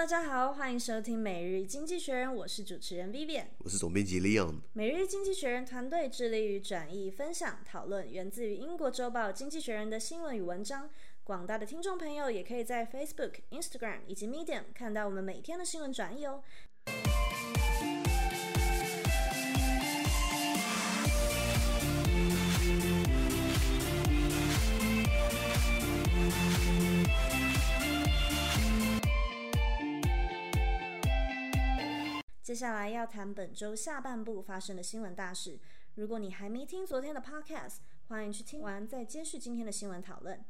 大家好，歡迎收聽《每日經濟學人》，我是主持人 Vivian，我是總編輯 Leon。《每日經濟學人》團隊致力於轉譯、分享、討論源自於英國週報《經濟學人》的新聞與文章。廣大的聽眾朋友也可以在 Facebook、Instagram 以及 Medium 看到我們每天的新聞轉譯哦。接下來要談本周下半部發生的新聞大事。如果你還沒聽昨天的 podcast，歡迎去聽完再接續今天的新聞討論。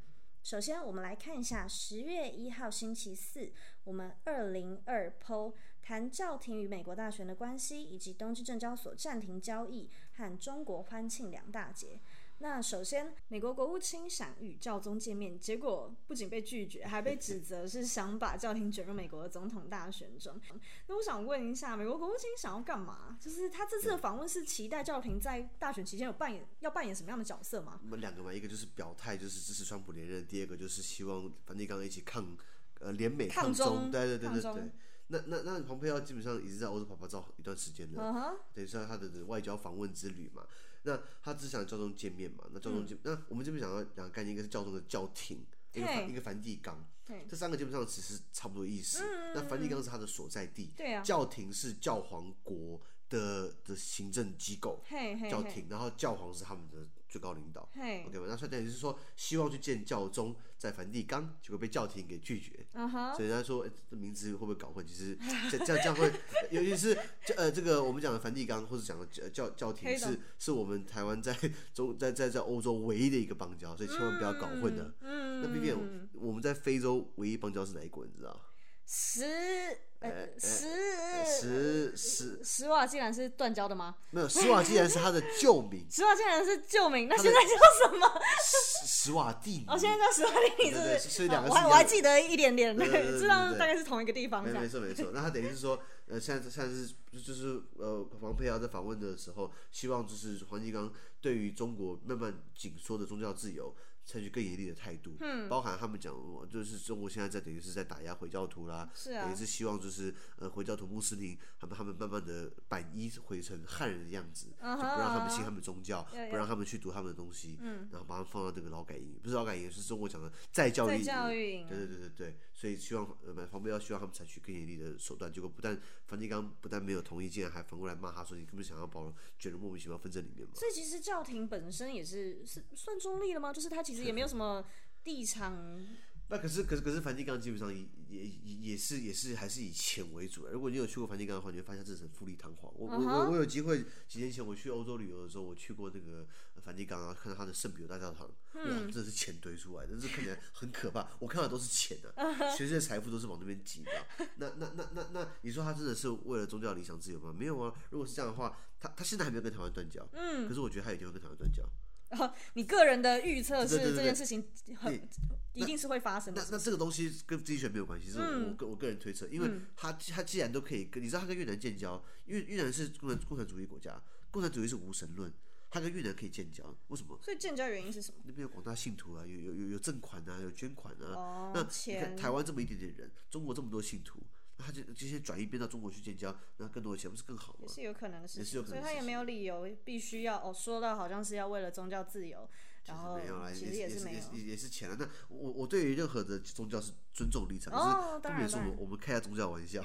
首先，我們來看一下十月一號星期四，我們二零二剖談教廷與美國大選的關係，以及東京證交所暫停交易和中國歡慶兩大節。那首先，美國國務卿想與教宗見面，結果不僅被拒絕，還被指責是想把教廷捲入美國的總統大選中。 那我想問一下，美國國務卿想要幹嘛？就是他這次的訪問是期待教廷在大選期間有扮演，要扮演什麼樣的角色嗎？我們兩個嘛，一個就是表態，就是支持川普連任；第二個就是希望梵蒂岡一起抗，呃，聯美抗中。抗中。對對對對，對對。那那那，那那你蓬佩奧基本上已經在歐洲跑跑繞一段時間了，等一下他的外交訪問之旅嘛。那他只想教宗見面嘛？那教宗見面、嗯、那我們這邊想要講概念，一個是教宗的教廷，一個一個梵蒂岡，這三個基本上其實差不多意思。那梵蒂岡是他的所在地、嗯對啊，教廷是教皇國的的行政機構，教廷，hey, hey, hey. 然後教皇是他們的最高領導、hey.，OK 那所以等於是說，希望去見教宗，在梵蒂岡，結果被教廷給拒絕。Uh -huh. 所以人家說、欸，這名字會不會搞混？其實，這這樣這樣會， 尤其是這呃這個我們講的梵蒂岡，或者講的教教廷是，是、hey, 是我們台灣在中在在在歐洲唯一的一個邦交，所以千萬不要搞混的、啊。Um, um, 那畢竟我們在非洲唯一邦交是哪一國？你知道？史史史史瓦濟蘭，是斷交的嗎？沒有，史瓦濟蘭，是他的舊名。史 瓦濟蘭，是舊名，那現在叫什麼？史瓦帝尼。我、哦、現在叫史瓦帝尼，對對對就是不、啊、是？我還我還記得一點點，知對道對對對對 大概是同一個地方。對對對對對對對沒錯沒錯， 那他等於是說，呃，現在現在是就是呃，王佩瑤在訪問的時候， 希望就是黃繼剛對於中國慢慢緊縮的宗教自由。採取更嚴厲的態度，嗯、包含他們講，我就是中國現在在等於是在打壓回教徒啦，是啊、等於是希望就是呃回教徒穆斯林，他們他們慢慢的皈依回成漢人的樣子，uh -huh, 就不讓他們信他們宗教，uh -huh, 不讓他們去讀他們的東西，uh -huh. 然後把他們放到這個勞改營，不是勞改營，是中國講的再教育營，再教育營，對對對對對。所以希望呃，買方不要希望他們採取更嚴厲的手段。結果不但梵蒂岡不但沒有同意，竟然還反過來罵他說，說你根本想要把捲入莫名其妙紛爭裡面嘛。所以其實教廷本身也是是算中立的嗎？就是他其實也沒有什麼立場。 那可是可是可是梵蒂岡基本上也也也是也是還是以錢為主的。如果你有去過梵蒂岡的話，你會發現這是很富麗堂皇。我、uh -huh. 我我我有機會幾年前我去歐洲旅遊的時候，我去過那個梵蒂岡啊，看到他的聖彼得大教堂，哇、嗯，真的是錢堆出來，但是看起來很可怕。 我看到都是錢、啊、學生的，全世界財富都是往那邊擠的。那那那那那，那那你說他真的是為了宗教理想自由嗎？沒有啊。如果是這樣的話，他他現在還沒有跟台灣斷交、嗯，可是我覺得他有機會跟台灣斷交。然後你個人的預測是這件事情很對對對對一定是會發生的是是。那那,那這個東西跟經濟學沒有關係，是我,、嗯、我個我個人推測，因為他、嗯、他既然都可以跟，你知道他跟越南建交，因為越南是共產共產主義國家，共產主義是無神論，他跟越南可以建交，為什麼？所以建交原因是什麼？那邊有廣大信徒啊，有有有有贈款啊，有捐款啊。哦，錢。台灣這麼一點點人，中國這麼多信徒。他就這些轉移變到中國去建交，那更多的錢不是更好嗎？也是，有也是有可能的事情。所以他也沒有理由必須要哦，說到好像是要為了宗教自由，然後、就是、其實也是沒有，也是錢了、啊。那我我對於任何的宗教是。尊重立場，哦、是不免說我們我們開一下宗教玩笑，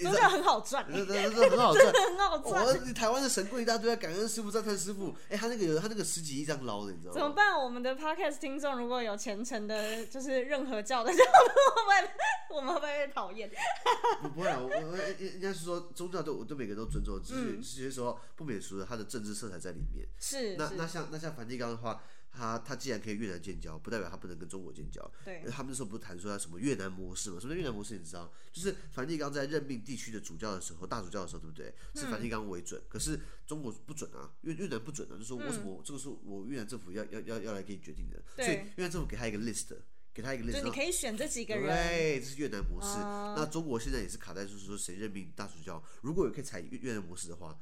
宗 教很好賺， 真的很好賺， 很好賺。哦、 台灣的神棍一大堆、啊，感恩師傅、讚嘆師傅，哎、欸，他那個有他那個十幾億這樣撈的，你知道嗎？怎麼辦？我們的 podcast 聽眾如果有虔誠的，就是任何教的，這我們我會不會討厭？ 我不會我我應該是說，宗教對，我對每個人都尊重，只是有些時候不免說的，他的政治色彩在裡面。是，那是那像那像梵蒂岡的話。他他既然可以越南建交，不代表他不能跟中國建交。對，他們那時候不是談出來什麼越南模式嘛，什麼越南模式你知道？就是梵蒂岡在任命地區的主教的時候，大主教的時候，對不對？是梵蒂岡為準、嗯，可是中國不准啊，越越南不准啊，就說為什麼、嗯、這個是我越南政府要要要要來給你決定的。對，所以越南政府給他一個 list，給他一個 list，你可以選這幾個人。對，right, 這是越南模式、啊。那中國現在也是卡在就是說誰任命大主教，如果有可以採越,越南模式的話。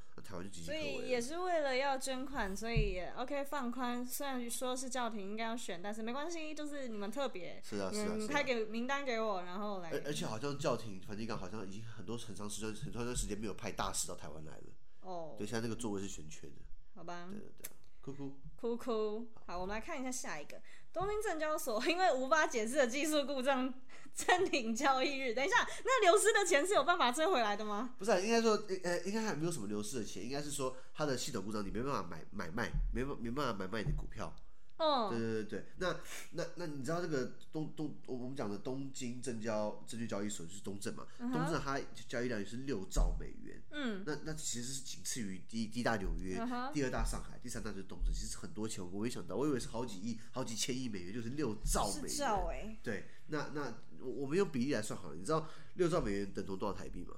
幾幾，所以也是為了要捐款，所以 O、OK, K 放寬。雖然說是教廷應該要選，但是沒關係，就是你們特別，是啊，你們拍、啊、給名單給我、啊，然後來。而且好像教廷梵蒂岡好像已經很多很長時間、很長一段時間沒有派大使到台灣來了。哦，對，現在那個座位是懸缺的。好吧，對對對，哭哭哭哭好。好，我們來看一下下一個東京證交所，因為無法解釋的技術故障。暫停交易日，等一下，那流失的錢是有辦法追回來的嗎？不是、啊，應該說，應該還沒有什麼流失的錢，應該是說它的系統故障，你沒辦法買買賣沒，沒辦法買賣你的股票。哦、oh.，對對對對，那那那你知道這個東東，我們講的東京證交證券交易所就是東證嘛，uh -huh. 東證它交易量也是六兆美元。嗯、uh -huh.，那那其實是僅次於第第一大紐約、uh -huh.，第二大上海，第三大就是東證，其實很多錢我沒想到，我以為是好幾億、好幾千億美元，就是六兆美元。就是欸、對。那那我我們用比例來算好了，你知道六兆美元等同多、多少台幣嗎？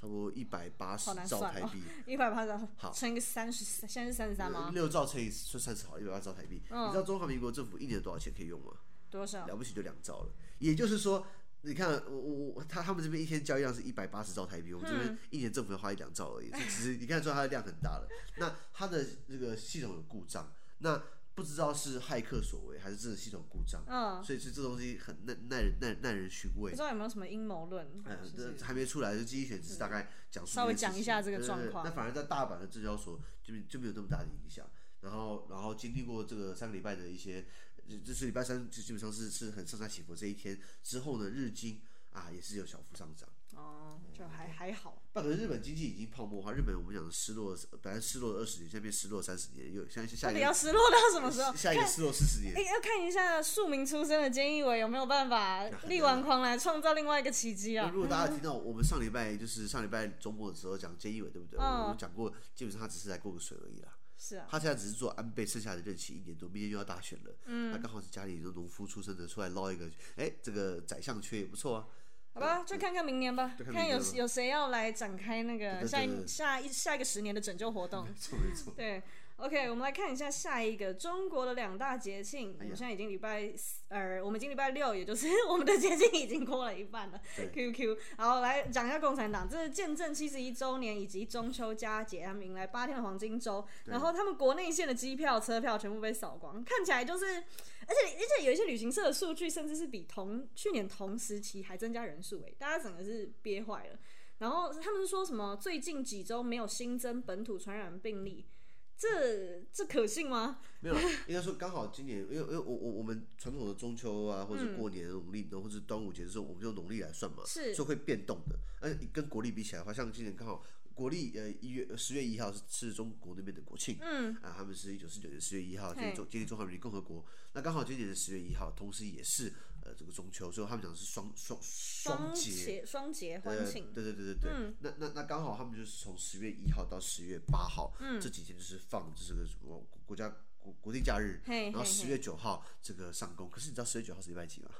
差不多一百八十兆台幣，一百八十兆好乘以個三十四，現在是三十三嗎？六兆乘以算三十好了，一百八十兆台幣、嗯。你知道中華民國政府一年多少錢可以用嗎？多少？了不起就兩兆了。也就是說，你看我我他他們這邊一天交易量是一百八十兆台幣，我們這邊一年政府要花一兩兆而已。只、嗯、是你看說它的量很大了， 那它的這個系統有故障，那。不知道是駭客所為還是真的系統故障，嗯，所以是這東西很耐人耐人耐耐人尋味。不知道有沒有什麼陰謀論？嗯，這還沒出來，就經濟學人只是大概講述。稍微講一下這個狀況，呃。那反而在大阪的證交所就就沒有這麼大的影響。然後然後經歷過這個三個禮拜的一些，就是禮拜三基本上是是很上下起伏這一天之後呢，日經啊也是有小幅上漲。哦、oh，就還、嗯、還好。那可能日本經濟已經泡沫化，日本我們講失落，本來失落了二十年，現在變失落三十年，又現在是下一個要失落到什麼時候？下一個失落四十年。哎、欸，要看一下庶民出身的菅義偉有沒有辦法力挽狂瀾，創造另外一個奇蹟啊，啊，啊、嗯！如果大家聽到我們上禮拜就是上禮拜週末的時候講菅義偉，對不對？哦、我們講過，基本上他只是來過個水而已啦。是啊。他現在只是做安倍剩下的任期一年多，明年又要大選了。嗯。他剛好是家裡的農夫出身的出來撈一個，哎、欸，這個宰相缺也不錯啊。好吧，就看看明年吧，看有、嗯、有誰要來展開那個下下一下一、下一個十年的拯救活動。沒錯沒錯， 對。OK，我們來看一下下一個中國的兩大節慶。我、哎、現在已經禮拜四呃，我們已經禮拜六，也就是我們的節慶已經過了一半了。Q Q，然後來講一下共產黨，這是建政七十一周年以及中秋佳節，他們迎來八天的黃金周，然後他們國內線的機票、車票全部被掃光，看起來就是，而且而且有一些旅行社的數據，甚至是比同去年同時期還增加人數誒，大家整個是憋壞了。然後他們是說什麼？最近幾周沒有新增本土傳染病例。這這可信嗎？ 沒有，應該說剛好今年，因為因為我我我們傳統的中秋啊，或者過年農曆，然、嗯、後或者端午節的時候，我們就用農曆來算嘛，是就會變動的。而、啊、跟國曆比起來的話，像今年剛好國曆呃一月十月一號是是中國那邊的國慶，嗯啊，他們是一九四九年十月一號建中建立中華人民共和國，嗯、那剛好今年的十月一號，同時也是。呃，這個中秋，所以他們講的是雙雙雙節雙節歡慶，對對對對對。嗯、那那那剛好他們就是從十月一號到十月八號、嗯，這幾天就是放這個什麼國家國國定假日。嘿嘿嘿然後十月九號這個上工，可是你知道十月九號是禮拜幾嗎？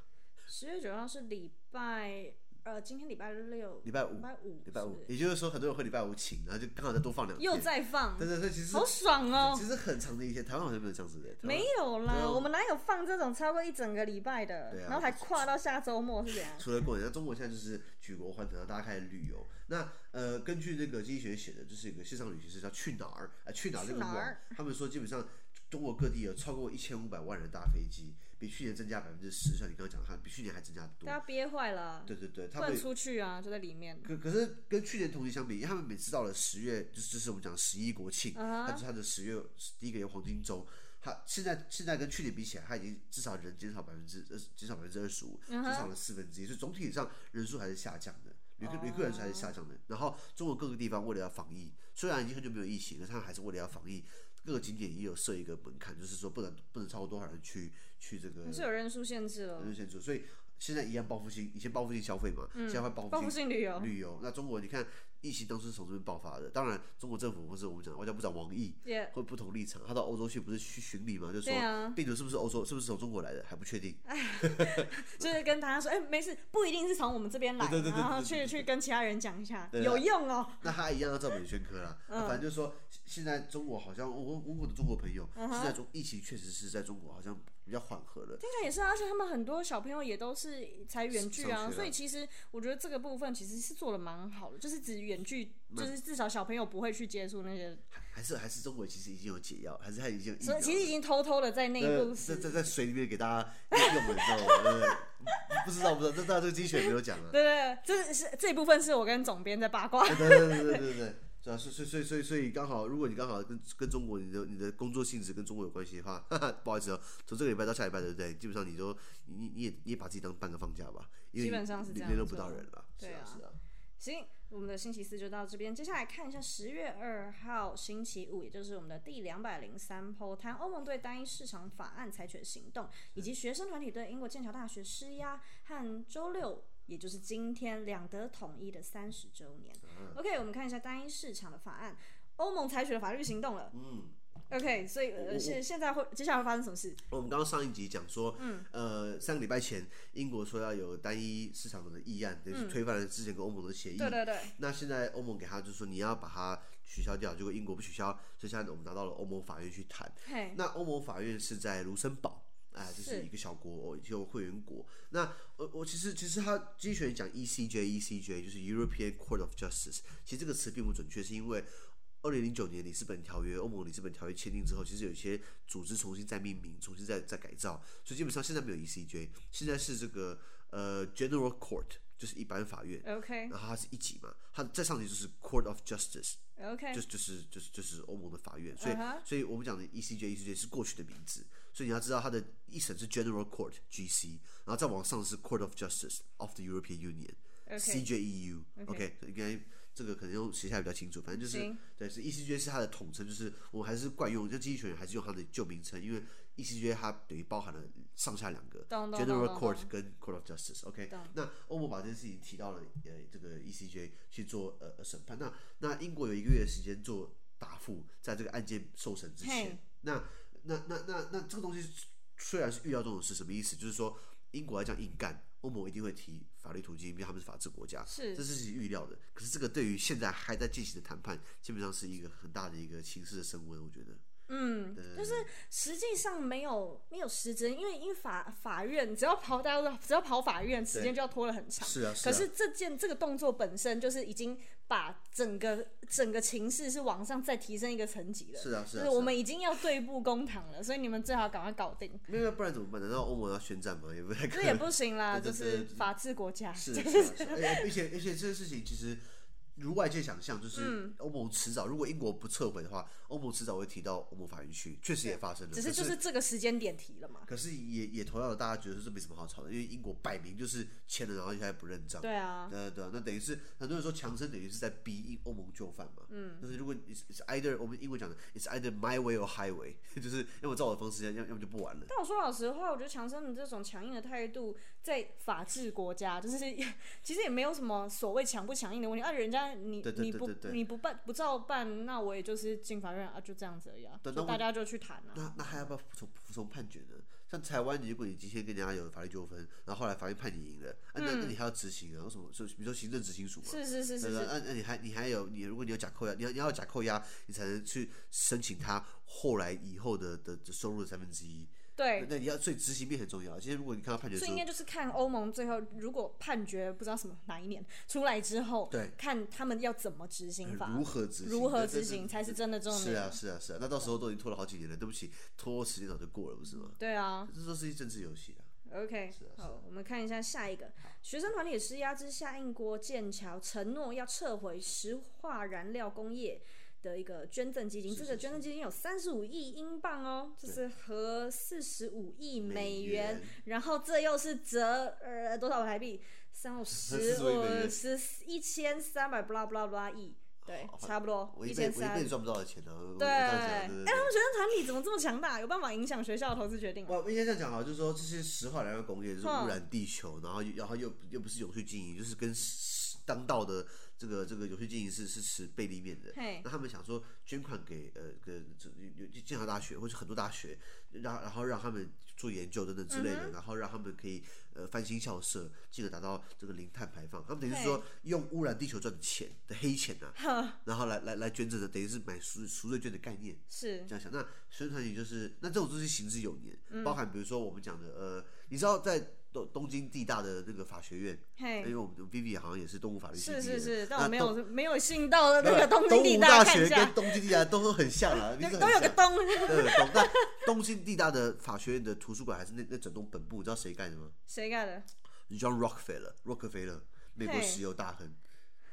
十月九號是禮拜。呃，今天禮拜六，禮拜五，禮拜五，禮拜五，也就是說，很多人會禮拜五請，然後就剛好再多放兩天，又再放，對對對，其實好爽哦。其實很長的一天，台灣好像沒有這樣子的，沒有啦沒有，我們哪有放這種超過一整個禮拜的？啊、然後還跨到下周末、啊、是怎樣？除了過年，那中國現在就是舉國歡騰，大家開始旅遊。 那呃，根據那個經濟學寫的，就是一個線上旅行社叫去哪兒，啊、呃、去哪兒那個去哪兒，他們說基本上中國各地有超過一千五百萬人搭飛機。比去年增加百分之十，像你剛剛講的，比去年還增加的多。他憋壞了。對對對，他們出去啊，就在裡面。可可是跟去年同期相比，因為他們每次到了十月，就是我們講十一國慶，但、uh -huh. 是他的十月第一個月黃金周。他現在現在跟去年比起來，他已經至少人減少百分之二，減少百分之二十五，減少了四分之一，所以總體上人數還是下降的，旅客旅客人數還是下降的。Uh -huh. 然後中國各個地方為了要防疫，雖然已經很久沒有疫情，但是他們還是為了要防疫。各個景點也有設一個門檻，就是說不能不能超過多,多少人去去這個，還是有人數限制了，人數限制，所以。現在一樣報復性，以前報復性消費嘛、嗯，現在會報復性，性旅遊。旅遊那中國，你看疫情都是從這邊爆發的，當然中國政府不是我們講外交部長王毅會不同立場，他、yeah. 到歐洲去不是去巡禮嘛，就說病毒是不是歐洲，是不是從中國來的還不確定、哎。就是跟他說，哎、 欸，沒事，不一定是從我們這邊來 對對對對對，然後去去跟其他人講一下對對對對對對，有用哦。那他一樣要照本宣科啦， 嗯、反正就是說現在中國好像我我我的中國朋友、嗯、現在中疫情確實是在中國好像。比較緩和的，聽起來也是，而且他們很多小朋友也都是才遠距啊，啊，所以其實我覺得這個部分其實是做的蠻好的，就是指遠距，就是至少小朋友不會去接觸那些、個，還是還是中國其實已經有解藥，還是他已經有，所以其實已經偷偷的在那一部在在在水裡面給大家用的時候，你知道嗎？不知道不知道，這這個精選沒有講啊。對對，這是這一部分是我跟總編在八卦。對對對對對對，對。 是啊，所以所以所以剛好，如果你剛好跟跟中國你的你的工作性質跟中國有關係的話呵呵，不好意思、哦，從這個禮拜到下禮拜，對不對？基本上你就你你也你也把自己當半個放假吧，因為聯絡不到人了是。對啊，是的、啊啊。行，我們的星期四就到這邊，接下來看一下十月二號星期五，也就是我們的第兩百零三波，談歐盟對單一市場法案採取行動，以及學生團體對英國劍橋大學施壓，和周六。也就是今天兩德統一的三十週年。OK，我們看一下單一市場的法案，歐盟採取了法律行動了。嗯。OK，所以現、呃哦、現在會接下來會發生什麼事？我們剛剛上一集講說，嗯，呃，三個禮拜前英國說要有單一市場的議案，就是推翻了之前跟歐盟的協議、嗯。對對對。那現在歐盟給他就是說你要把它取消掉，結果英國不取消，所以現在我們拿到了歐盟法院去談。那歐盟法院是在盧森堡。啊、哎，這是一個小國，就會員國。那我、呃、我其實其實他之前講 E C J E C J 就是 European Court of Justice，其實這個詞並不準確，是因為二零零九年里斯本條約歐盟里斯本條約簽訂之後，其實有一些組織重新再命名，重新再再改造，所以基本上現在沒有 E C J，現在是這個呃 General Court 就是一般法院，OK，然後它是一級嘛，它再上去就是 Court of Justice。OK，就是就是就是就是歐盟的法院，所以、uh -huh. 所以我們講的 ECJ、ECJ 是過去的名字，所以你要知道它的一審是 General Court GC，然後再往上是 Court of Justice of the European Union CJEU。OK，應該、okay. okay. okay. okay. 這個可能用寫下來比較清楚，反正就是、Sing. 對，是 ECJ 是它的統稱，就是我還是慣用，就經濟學人還是用它的舊名稱，因為。ECJ 它等於包含了上下兩個 General Court 跟 Court of Justice，OK？、Okay? 嗯、那歐盟把這件事情提到了呃這個 ECJ 去做呃審判，那那英國有一個月的時間做答覆，在這個案件受審之前，那那那那那，那這個東西雖然是預料中的事，什麼意思？就是說英國要這樣硬幹，歐盟一定會提法律途徑，因為他們是法治國家，是這是預料的。可是這個對於現在還在進行的談判，基本上是一個很大的一個形勢的升溫，我覺得。嗯，就是實際上沒有沒有時間，因為因為法法院只要跑，大家都只要跑法院，時間就要拖了很長。是啊，是啊，可是這件這個動作本身就是已經把整個整個情勢是往上再提升一個層級了。是啊，是，啊。所以我們已經要對簿公堂了，啊啊啊，所以你們最好趕快搞定。那個不然怎麼辦？難道歐盟要宣戰嗎？也不太可能這也不行啦，對對對對，就是法治國家。是，是啊是啊是啊， 而且而且，而且這個事情其實。如外界想象，就是歐盟遲早、嗯，如果英國不撤回的話，歐盟遲早會提到歐盟法院去。確實也發生了。只是就是這個時間點提了嘛。可是也也同樣的，大家覺得這是沒什麼好吵的，因為英國擺明就是簽了，然後現在不認賬。對啊，對、呃、啊，對啊，那等於是很多人說，強生等於是在逼英歐盟就範嘛。嗯。但是如果你是 either，我們英文講的，it's either my way or highway，就是要麼照我的方式要，要麼就不玩了。但我說老實話，我覺得強生這種強硬的態度。在法治國家，就是其實也沒有什麼所謂強不強硬的問題。啊，人家你對對對對對你不你不辦不照辦，那我也就是進法院啊，就這樣子而已啊。那大家就去談了、啊。那、啊、那,那還要不要服從服從判決呢？嗯、像台灣，如果你今天跟人家有法律糾紛，然後後來法院判你贏了，那、啊嗯、那你還要執行啊？然後什麼？就比如說行政執行署嘛。是是是是,是、啊。那那你還你還有你，如果你有假扣押，你要你要有假扣押，你才能去申請他後來以後的的,的收入的三分之一。對，那你要所以執行面很重要。其實如果你看到判決書，所以應該就是看歐盟最後如果判決不知道什麼哪一年出來之後，對，看他們要怎麼執行法，呃、如何執行，如何執行才是真的重要的是。是啊，是啊，是啊，是啊。那到時候都已經拖了好幾年了，對不起，拖時間早就過了，不是嗎？對啊，這是一個政治遊戲啊。OK，啊啊好，我們看一下下一個。學生團體施壓之下，英國劍橋承諾要撤回石化燃料工業的一個捐贈基金，是是是這個捐贈基金有三十五億英鎊哦，就是合四十五億美元，然後這又是折呃多少台幣？三五十五、呃、 十,十一千三百不拉不拉不拉億，對，差不多。我一,一千三我一輩子賺不到的錢呢、啊。對。哎，他、欸、們學生團體怎麼這麼強大？有辦法影響學校的投資決定、啊？我應該這樣講啊，就是說這些石化燃料的工業就是污染地球，哦、然後然後又又不是永續經營，就是跟當道的。這個這個遊戲經營是是持背立面的，那他們想說捐款給呃個這有清華大學或者很多大學，然後然後讓他們做研究等等之類的，嗯、然後讓他們可以呃翻新校舍，進而達到這個零碳排放。他們等於是說用污染地球賺的錢的黑錢吶、啊，然後來來來捐贈的，等於是買贖贖罪券的概念，是這樣想。那宣傳語就是那這種東西行之有年，嗯、包含比如說我們講的呃，你知道在。東東京地大的那個法學院，hey, 因為我們的 Vivi 好像也是東吳法律系的，是是是，但我沒有沒有信到那個東京地大，看一東吳大學，跟東京地大都很像啊，那 個都有個東。對，東 東京地大的法學院的圖書館還是那那整棟本部，你知道誰幹的嗎？誰幹的？你知道 Rockefeller，o Rockefeller, c k f 洛克菲勒，美國石油大亨。Hey.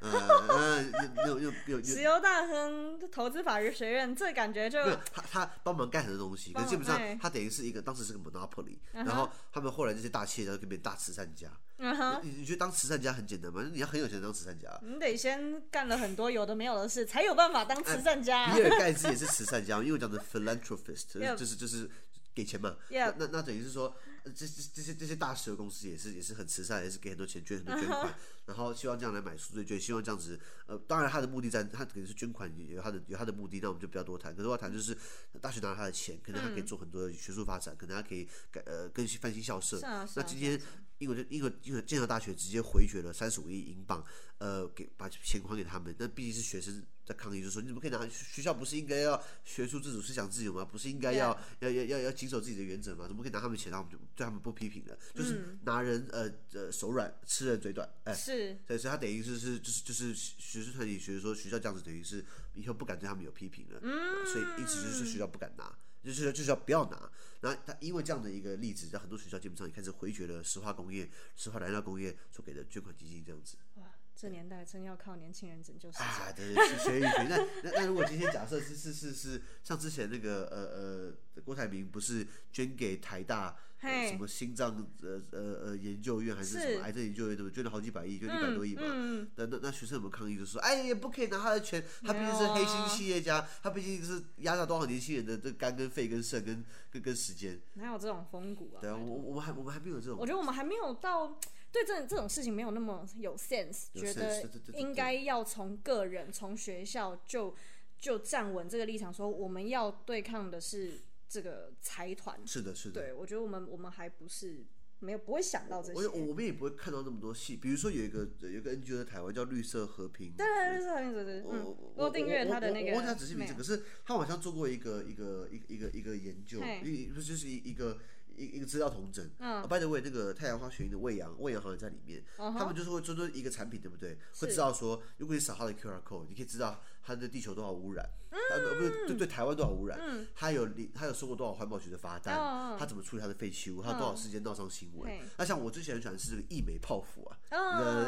嗯嗯，又又又又 石油大亨投資法律學院，這感覺就他他幫忙蓋很多東西，可是基本上他等於是一個當時是個 monopoly，、嗯、然後他們後來這些大企業家跟別人大慈善家，嗯、你你覺得當慈善家很簡單嗎？你要很有錢當慈善家，你得先幹了很多有的沒有的事，才有辦法當慈善家。比、嗯、爾蓋茨也是慈善家，哈哈 因為我講的 philanthropist、yep. 就是就是給錢嘛，yep. 那那等於是說。呃，這這這些這些大學的公司也是也是很慈善，也是給很多錢捐很多捐款，uh -huh. 然後希望這樣來買贖罪券，希望這樣子。呃，當然他的目的在，他可能是捐款有他的有他的目的，那我們就不要多談。更多要談就是大學拿到他的錢，可能他可以做很多學術發展、嗯，可能他可以改呃更新翻新校舍、是啊是啊。那今天英國就英國英國劍橋大學直接回絕了三十五億英鎊，呃，給把錢還給他們。那畢竟是學生在抗議就是，就說你怎麼可以拿學校不是應該要學術自主思想自由嗎？不是應該要、yeah. 要要要要謹守自己的原則嗎？怎麼可以拿他們錢？那我們就。對他們不批評了，就是拿人、嗯、呃呃手軟，吃人嘴短哎、欸、是，所以他等於就是就是就是學術團體學說學校這樣子等於是以後不敢對他們有批評了、嗯，所以一直就是學校不敢拿，就是說學校就不要拿。那他因為這樣的一個例子，在很多學校基本上也開始回絕了石化工業、石化燃料工業所給的捐款基金這樣子。哇，這年代真要靠年輕人拯救是啊！對對對，說一句 那那那如果今天假設是是是是，是像之前那個呃呃郭台銘不是捐給台大？呃、hey, 什麼心臟呃呃呃研究院還是什麼癌症研究院，對吧捐了好幾百億，捐一百多億嘛？嗯嗯、那那那學生有沒有抗議？就說，哎，也不可以拿他的錢，他畢竟是黑心企業家，啊、他畢竟是壓榨多少年輕人的這肝跟肺跟腎跟跟跟,跟時間。哪有這種風骨啊？對啊，我我們還我們還沒有這種。我覺得我們還沒有到對這這種事情沒有那麼有 sense，, 有 sense 覺得應該要從個人從學校就就站穩這個立場，說我們要對抗的是。這個財團。是的，是的，對，我覺得我們我們還不是沒有不會想到這些，我,我,我們也不會看到那麼多戲。比如說有一個有一個 NGO 在台灣叫綠色和平，對對，綠色和平，對對對。我、嗯、我訂閱他的那個，我，我，我，我，我忘記他仔細名字，這個，可是他好像做過一個一個一一個一個研究，一不是是一個一個一一個資料統整。嗯，by the way 那個太陽花學運的魏揚，魏揚好像在裡面，嗯，他們就是會追蹤一個產品，對不對？會知道說，如果你掃他的 QR code，你可以知道。他對地球多少污染？呃、嗯，不不對，對台灣多少污染？他、嗯、有他有收過多少環保局的罰單？他、哦哦、怎麼處理他的廢棄物？他、嗯、多少事件鬧上新聞？那像我之前很喜歡吃這個義美泡芙啊，呃、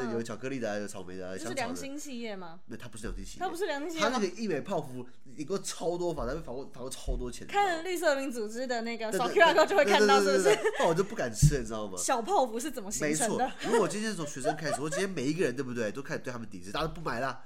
哦、有巧克力的、啊，有草莓的、啊，這是良心企業嗎？他不是良心企業，他不是良心企業，他那個義美泡芙，一個超多罰單，罰過罰過超多錢。看綠色公民組織的那個小 QR code 就會看到，是不是？那我就不敢吃，你知道嗎？小泡芙是怎麼的？的沒錯，如果今天從學生開始，我今天每一個人對不對，都開始對他們抵制，大家都不買了。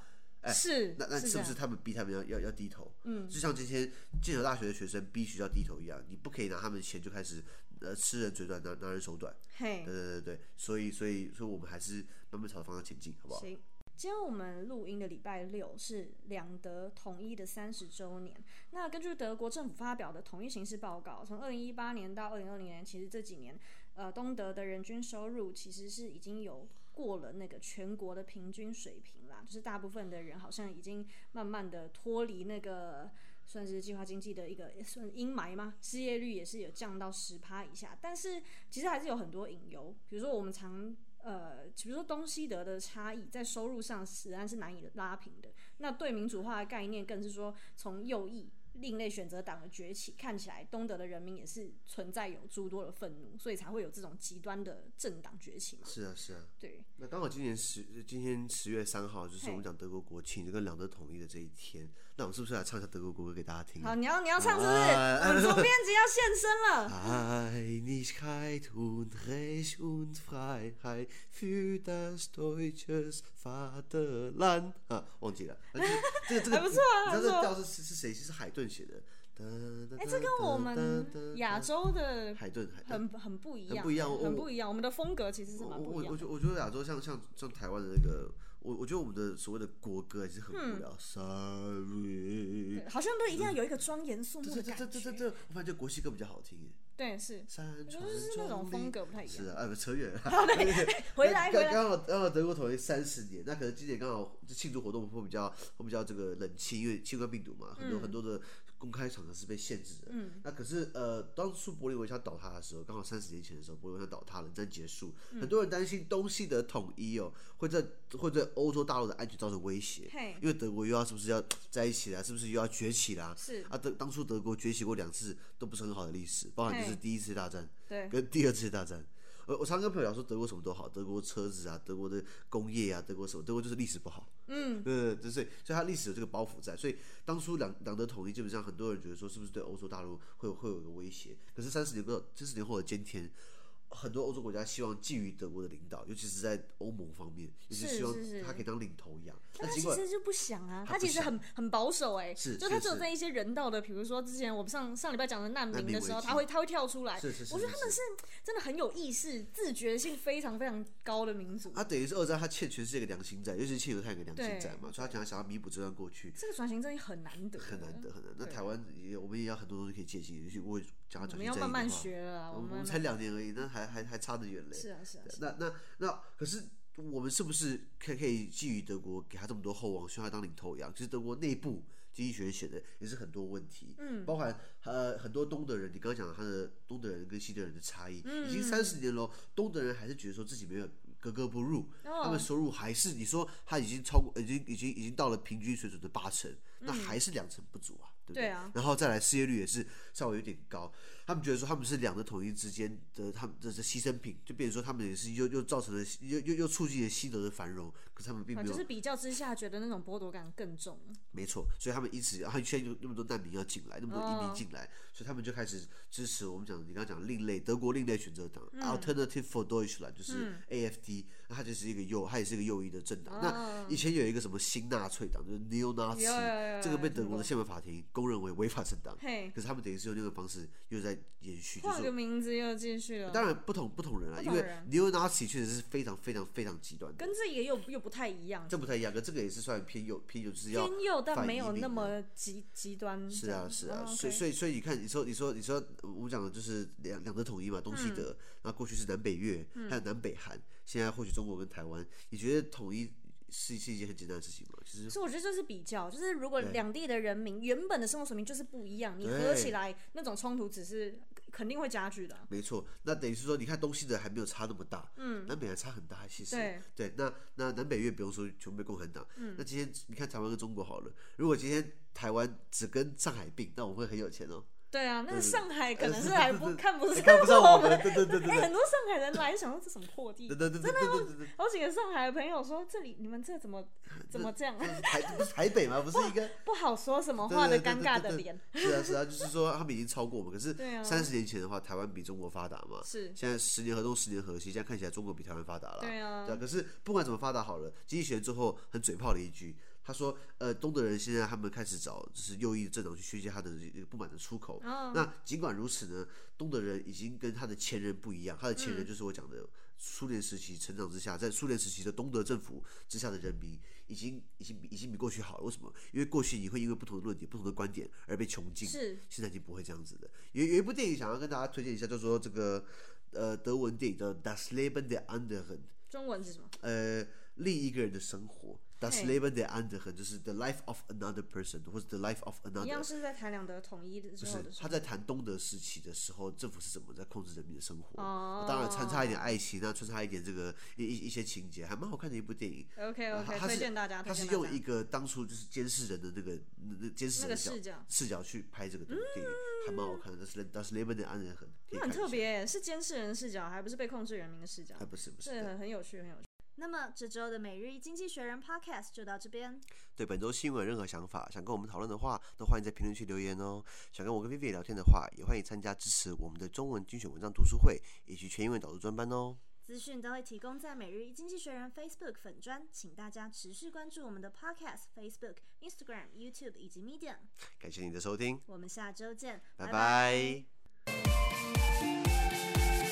欸、是，那那是不是他們逼他們要要要低頭？嗯，就像這些劍橋大學的學生必須要低頭一樣，你不可以拿他們的錢就開始呃吃人嘴短拿拿人手短。嘿，對對對對，所以所以所以我們還是慢慢朝的方向前進，好不好？行，今天我們錄音的禮拜六是兩德統一的三十週年。那根據德國政府發表的統一形勢報告，從二零一八年到二零二零年，其實這幾年呃東德的人均收入其實是已經有。過了那個全國的平均水平啦，就是大部分的人好像已經慢慢的脫離那個算是計劃經濟的一個、欸、算陰霾嘛，失業率也是有降到十趴以下，但是其實還是有很多隱憂，比如說我們常呃比如說東西德的差異在收入上仍然是難以拉平的，那對民主化的概念更是說從右翼，另類選擇黨的崛起，看起來東德的人民也是存在有諸多的憤怒，所以才會有這種極端的政黨崛起嘛。是啊，是啊，對。那剛好今年十，今天十月三號，就是我們講德國國慶，這個兩德統一的這一天。那我是不是要唱一下德國國歌給大家聽，啊？好，你要你要唱是不是？啊、我們總編輯要現身了。海、啊，你開，土，黑，是，和，自由，海，對於，德，國，的，父，國，啊，忘記了。啊就是、這個這個、啊，你知道這調是是誰？是海頓寫的。哎、欸，這跟我們亞洲的海頓海頓很很不一樣，不一樣，很不一樣。哦、一樣我，我，我們的風格其實是蠻不一樣。我我我覺得亞洲像像像台灣的那個。我我覺得我們的所謂的國歌還是很無聊，Sorry，、嗯、好像都一定要有一個莊嚴肅穆的感覺。這這這這，我發現國際歌比較好聽一點。對，是山川，是那種風格不太一樣。是啊，哎，不扯遠了。好的，好的，回來，對剛回來。剛好剛好德國統一三十年，那可能今年剛好慶祝活動會比較會比較這個冷清，因為新冠病毒嘛，很多、嗯、很多的。公開場合是被限制的。嗯，那可是呃，當初柏林圍牆倒塌的時候，剛好三十年前的時候，柏林圍牆倒塌，了，冷戰結束，很多人擔心東西德統一哦、喔，會在會對歐洲大陸的安全造成威脅。嘿，因為德國又要是不是要在一起了，是不是又要崛起了？是啊，當初德國崛起過兩次，都不是很好的歷史，包含就是第一次大，第一次大戰，對，跟第二次大戰。我我常跟朋友講說，德國什麼都好，德國車子啊，德國的工業啊，德國什麼，德國就是歷史不好。嗯，對對對。所以所以它歷史有這個包袱在，所以當初兩兩德統一，基本上很多人覺得說，是不是對歐洲大陸會有會有一個威脅？可是三十年後，三十年後的今天。很多歐洲國家希望覬覦德國的領導，尤其是在歐盟方面，尤其是希望他可以當領頭羊。但他其實就不想啊，他，他其實很很保守哎、欸，是是是就他只有在一些人道的，比如說之前我們上上禮拜講的難民的時候，他會他會跳出來。是、是、是、是我覺得他們是真的很有意識、自覺性非常非常高的民族。他等於是二戰，他欠全世界一個良心債，尤其是欠猶太一個良心債嘛。所以他講想要彌補這段過去。這個轉型真的很難得，很難得很難。那台灣也我們也有很多東西可以借鑑，也許我講他轉型我們要慢慢學了，我們才兩年而已，那還，還還差得遠嘞，是啊是啊，是啊那那那，可是我們是不是可以可以寄予德國給他這麼多厚望，需要他當領頭羊？其實德國內部經濟學人寫的也是很多問題，嗯、包括呃很多東德人，你剛剛講的他的東德人跟西德人的差異、嗯，已經三十年了，東德人還是覺得說自己沒有格格不入，哦、他們收入還是你說他已經超過，已經已經已經到了平均水準的八成。那還是兩成不足啊，嗯、對不對，對、啊？然後再來失業率也是稍微有點高。他們覺得說他們是兩的統一之間的他們的犧牲品，就變成說他們也是又又造成了又又又促進了西德的繁榮，可是他們並沒有。就是比較之下，覺得那種剝奪感更重。沒錯，所以他們一直啊以前就那麼多難民要進來，那麼多移民進來、哦，所以他們就開始支持我們講你剛剛講的另類德國另類選擇黨、嗯、Alternative for Deutschland 就是 AFD，那、嗯、它就是一個右，它也是一個右翼的政黨、哦。那以前有一個什麼新納粹黨，就是 Neo Nazis。對對對對，這個被德國的憲法法庭公認為違法政黨，可是他們等於是用另一方式又在延續，換個名字又繼續了。當然不同不同人啊，人因為 neo-Nazi 確實是非常非常非常、非常極端，跟這也有又又不太一樣。這不太一樣，但這個也是算偏右偏、偏右，就是要偏右但沒有那麼極極端。是啊是啊，哦 okay、所以所以所以你看，你說你說你說我們講的就是兩兩德統一嘛，東西德，那、嗯、過去是南北越、嗯，還有南北韓，現在或許中國跟台灣，你覺得統一？是是一件很簡單的事情嘛，其、就、實、是。所以我覺得這是比較，就是如果兩地的人民原本的生活水平就是不一樣，你合起來那種衝突只是肯定會加劇的、啊。沒錯，那等於是說，你看東西的還沒有差那麼大，嗯，南北還差很大，其實。對，對那那南北越不用說，全部被共產黨、嗯。那今天你看台灣跟中國好了，如果今天台灣只跟上海併，那我們會很有錢哦。對啊，那個、上海可能是還不看，不是看不上我們。很多上海人來，想說這是什麼破地，對對對對對真的嗎，好幾個上海的朋友說這裡你們這怎麼怎麼這樣？這這台台北嘛，不是一個不,不好說什麼話的尷尬的臉。是啊是啊，就是說他們已經超過我們。可是三十年前的話，台灣比中國發達嘛。是、啊，現在十年河東十年河西，現在看起來中國比台灣發達了。對啊，對啊。可是不管怎麼發達好了，經濟學人最後很嘴炮的一句。他說：“呃，東德人現在他們開始找，就是右翼政黨去宣泄他的不滿的出口。Oh. 那儘管如此呢，東德人已經跟他的前人不一樣。他的前人就是我講的蘇聯時期成長之下，嗯、在蘇聯時期的東德政府之下的人民，已經已經比已經比過去好了。為什麼？因為過去你會因為不同的論點、不同的觀點而被窮盡，是現在已經不會這樣子的。有有一部電影想要跟大家推薦一下，就說這個呃德文電影叫 Das Leben der Anderen 中文是什麼？呃。”另一個人的生活，Das Leben der Anderen 就是 the life of another person，或者 the life of another。一樣是在談兩德統一的時候，的時候。就是他在談東德時期的時候，政府是怎麼在控制人民的生活。哦、oh。當然穿插一點愛情啊，穿插一點這個一一一些情節，還蠻好看的一部電影。OK OK、啊。推薦大家。他是用一個當初就是監視人的那個那那監視人的、那個、視角視角去拍這個電影，嗯、還蠻好看的、嗯。但是但是 Leben der Anderen 很特別，是監視人的視角，還不是被控制人民的視角。啊，不是不是。是對，很很有趣，很有趣。那麼這週的《每日一經濟學人》Podcast 就到這邊。對本周新聞任何想法，想跟我們討論的話，都歡迎在評論區留言哦。想跟我跟 Vivi 聊天的話，也歡迎參加支持我們的中文精選文章讀書會以及全英文導入專班哦。資訊都會提供在《每日一經濟學人》Facebook 粉專，請大家持續關注我們的 Podcast Facebook、Instagram、YouTube 以及 Medium。感謝你的收聽，我們下周見，bye bye 拜拜。